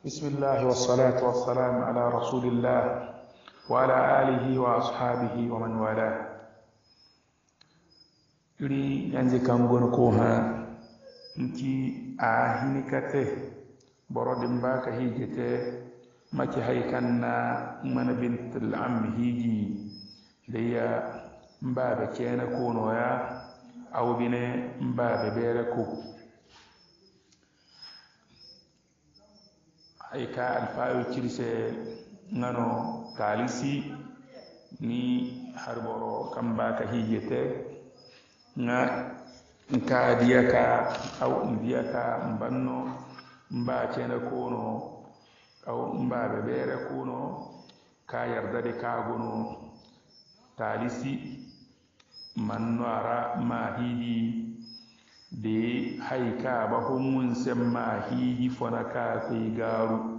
بسم الله والصلاة والسلام على رسول الله وعلى آله وأصحابه ومن والاه yuri yanzu kan gon ko ha nti a hinikate borodin baka hijete maki haikan na mana bintul am hiji da ya mbabe kena kono ya aw bine mbabe bere ko ay ka an faa cirse ngano taalisi ni harboro kamba ka hijete nga ka diya ka aw diya ka mbanno mba cena kono aw mba bebere kono ka yardade kagono taalisi manno ara ma hiidi de hay ka ba humun sem ma hiidi fona ka fe garu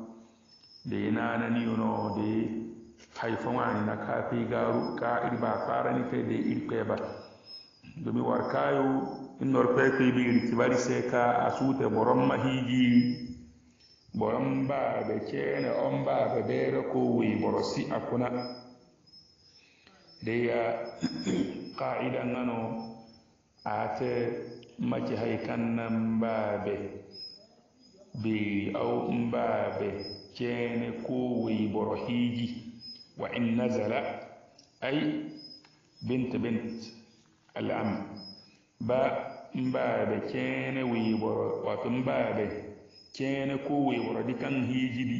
de nanani yuno de hayfoŋani na kaafi garu ka irba farani fe de ir peba domi war kayo innor pekoyɓe iri kibari se ka a suute boromma hijiri borom baaɓe ceene on baaɓe ɓeere ko woyi boro si a kuna deya qaida gano ate macce hay kannan baaɓe bi aw mbaabe ceene kowoyi boro hiiji wa in nasala ay bint bint al am ba mbaabe ceene woyi boro wato mbaabe ceene kowoyi boro di kan hiiji ɗi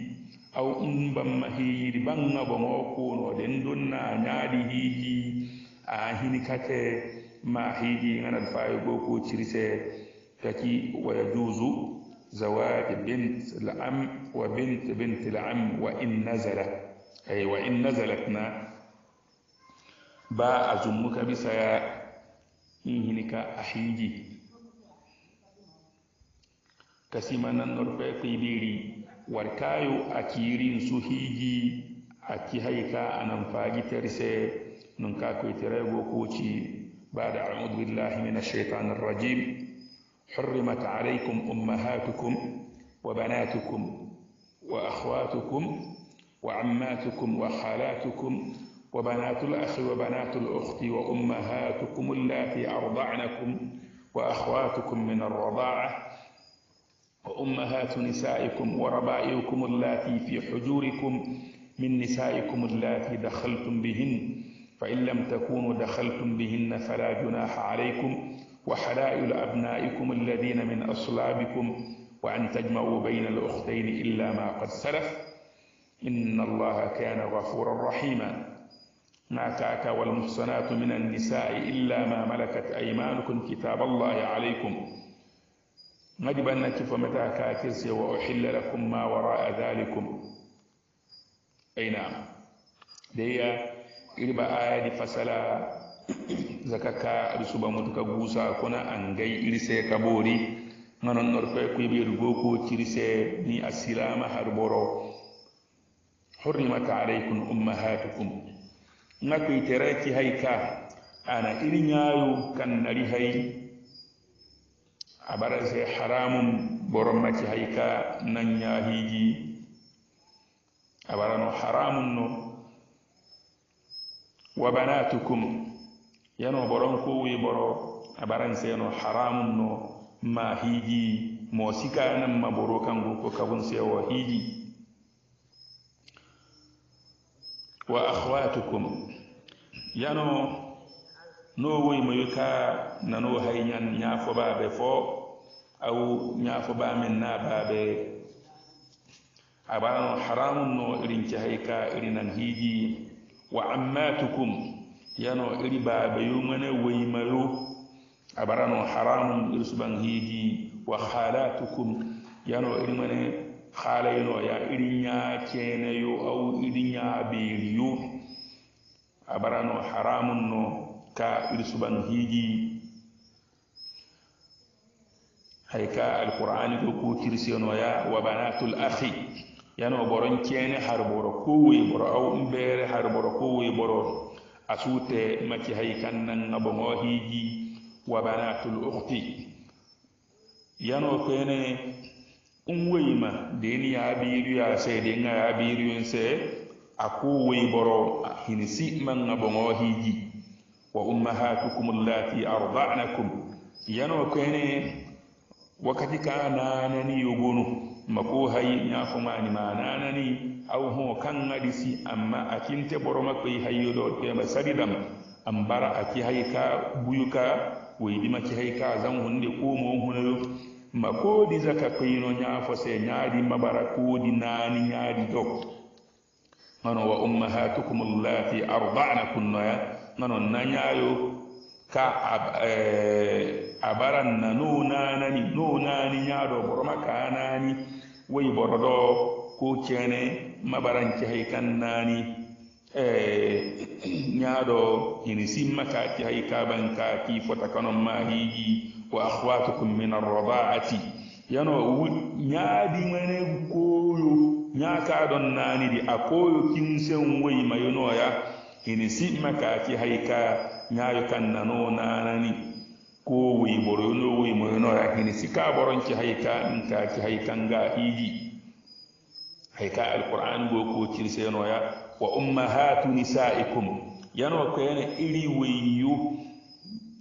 aw umbamma hiijiɗi banga bo ngo kuno den donna ñaaɗi hiiji a hini kake ma hiiji ganat fawi goo ko tiri see taki waya juuseu زواج بنت العم وبنت بنت العم وإن نزلت أي وإن نزلتنا با أزمك بسا إنهنك أحيجي كسيمان النرفي في بيري وركايو أكيرين سوهيجي أكي هيكا أنفاجي ترسي ننكاكو تريبو كوشي بعد أعوذ بالله من الشيطان الرجيم حرمت عليكم أمهاتكم وبناتكم وأخواتكم وعماتكم وخالاتكم وبنات الأخ وبنات الأخت وأمهاتكم اللاتي أرضعنكم وأخواتكم من الرضاعة وأمهات نسائكم وربائكم اللاتي في حجوركم من نسائكم اللاتي دخلتم بهن فإن لم تكونوا دخلتم بهن فلا جناح عليكم وحلائل أبنائكم الذين من أصلابكم وأن تجمعوا بين الأختين إلا ما قد سلف إن الله كان غفورا رحيما ما تاك والمحصنات من النساء إلا ما ملكت أيمانكم كتاب الله عليكم مجبنة فمتى كاتس وأحل لكم ما وراء ذلكم أي نعم دي إربا آية فسلا zaka ka aɗa suuɓa mutu ka guusa kono an gay irise ka boori ganon nor koye koye ɓeyru goo ko tirise ni a silama har boro hurrimat alaykum ummahatukum ga koy teraki hay ka ana iri ñaayu kan nari hay a ɓarase haramum boro maci hay ka nan ñaahiiji a ɓarano haramum no wa banatukum yano boɗon ko wi boro abaran seno haramum no ma hiiji mo sikanan ma boro kangu ko kabun sewo hiiji wa ahwatukum yano no woyma yuka nano hayñan ñafobaɓe fo aw ñafobamen na baɓe abano haramum no irin cahay ka irinan hiiji wa ammatukum yano iri ba babayo mana a barano haramun iri ban hiji wa halatukum yano iri mana halayno ya iri ya kenayo au iri ya a barano haramun no ka iri ban hiji hayka alqur'ani ko ko kirsiyano ya wa banatul akhi yano boron kene har boro ko wi boro au mbere har boro ko wi boro a suute macci hay kannanga bongo hiiji wa banatul ukti yano kene um woyima deni ya biiru ya seedenga ya biiru yon se a ku woyi boro hini simmanga bongo hiiji wa ummahatukum allati ardanakum yano kene wakati ka nanani yogonu mako hay ñafomani ma nanani aw ho kanŋaɗi si amma a kinte boro makko yi hayyoɗo tema sariɗam an bara a kihay ka buyu ka woyiɗima kihay ka zan hunde omo hunayo ma koɗi zaka koyino ñafo se ñaaɗi mabara koɗi naani ñaaɗi dok mano wa ummahatukum llati arbana kunnoya mano nañayo ka a e, baranna no nanani no naani ñaaɗo boro makka a naani woyi boro ɗo ko ceene hay kan nani nyaado hini simma ci hay ka ki fota kanon ma hiiji wa ahwatukum min arradaati yano ñaadimane kooyo ñaakaaɗon di a kooyo kinsen mayuno ya hini simma ci hay ka ñaayo kan nano ko woyi boroyono woyi mayonoya hini si kaa ci hay ka ɗin kaaki hay kanga hiiji kai ka alqur'an go ko ya wa ummahatu nisaikum yano ko yana iri wayu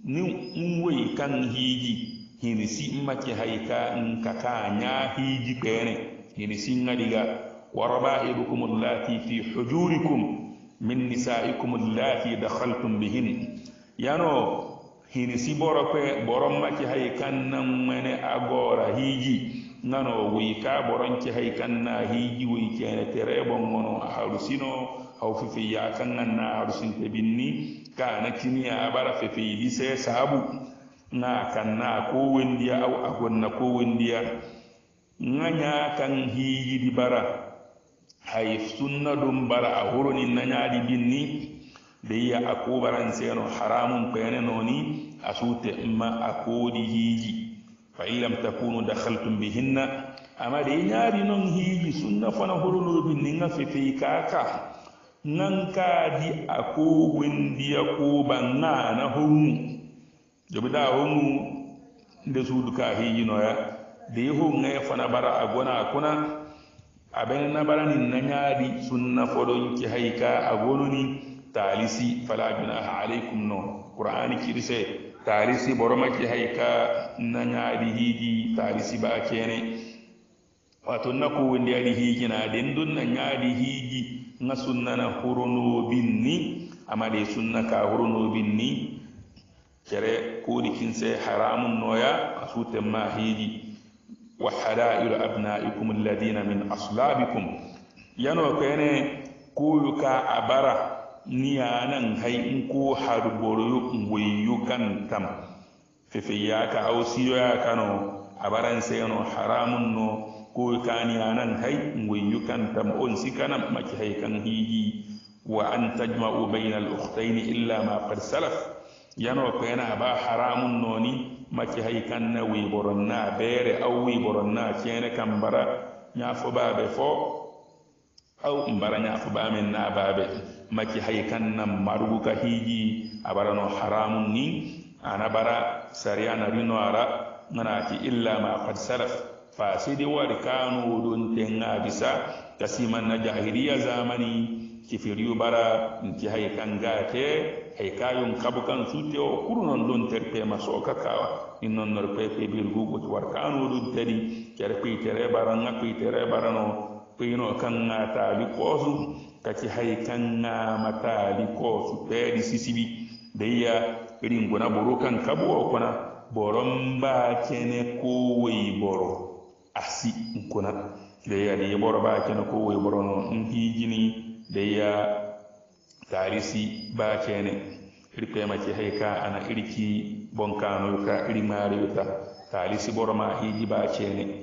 ni wayi kan hiji si maki haika in ka ka nya hiji kene si ngadiga wa raba'ibukum allati fi hujurikum min nisaikum allati dakhaltum bihin yano hinisi boro ko boro maki haikan nan mene agora hiji nano wuy ka boronke hay kanna hiiji woyi kene te reɓon gono a harusino haw fefeya kan ganna harusinte binni ka na kini a ɓara fefeyidi sesabu na kanna ko wendiya aw a gonna ko wendiya ŋaya kan hiyidi bara hay sunna ɗum bara a horoni nayaɗi binni deyya a kobaranseno haramum kene noni a suute ma a kodi hiiji fa inlam takunu dakhaltum bihinna amaɗe ñaari noon hiiji sunna fana hololoobi ninga fefey kaaka nankaadi a kowondiya kuuba ŋaana hoŋŋu jobi daa hoŋŋu nde suudu kaa hiiji noya de yeho ŋaye fana bara a gona a kuna a ɓen nabarani nañaadi sunna foɗon kehay kaa a gononi taalisi fala junaha alaykum no qur'ani kirse taarisi boromaki hay ka nañaaɗi hiiji taarisi baa ceene wato nako wondi aɗi hiiji naaden ndun nañaaɗi hiiji ŋa sunna na horonoobin ni amaɗe sunna ka horonoobin ni kere kuuri kinse haramun noya a suuten ma hiiji wa hadairu abnaikum alladina min aslabikum yano kene kuuyu ka a bara ni yanan hai in ko harboro yo wayo kan tam fefe ya ka ausiyo ya kano a baran sai no haramun no ko kani yanan hai wayo kan tam on si kana maki hai kan hiji wa an tajma'u bayna al-ukhtayn illa ma qad salaf yano ko yana ba haramun noni maki hai kan na wi boronna bere au wi boronna kene kambara nya fo ba be fo haw mbaraŋafo bamen nababe macci hay kannan marugu ka hiiji a barano haramu nin ana bara sariya na rino ara ŋanati illa ma kad salaf fasidi wari kanuo don tenŋa bisa kasiman na jahiliya zamani kifiriyu bara nti hay kan gate hay kayun kabu kan sute o kurunon don terpe maso ka kawa in non nor pepe birgugo ti war kanuo don tedi kerpi tere baraŋa kui tere barano ko kan na taali koosu kati hay kanga ma taali koosu peeri sisibi dayya ringona boro kan kabuwo kuna boron ba kene kowoyi boro asi nkuna dayya ni boro ba kene kowoyi boro no nhijini dayya tarisi ba kene iri kemaki hay ka ana iriki bonkano ka iri maariyo ta tarisi boro ma hiji ba kene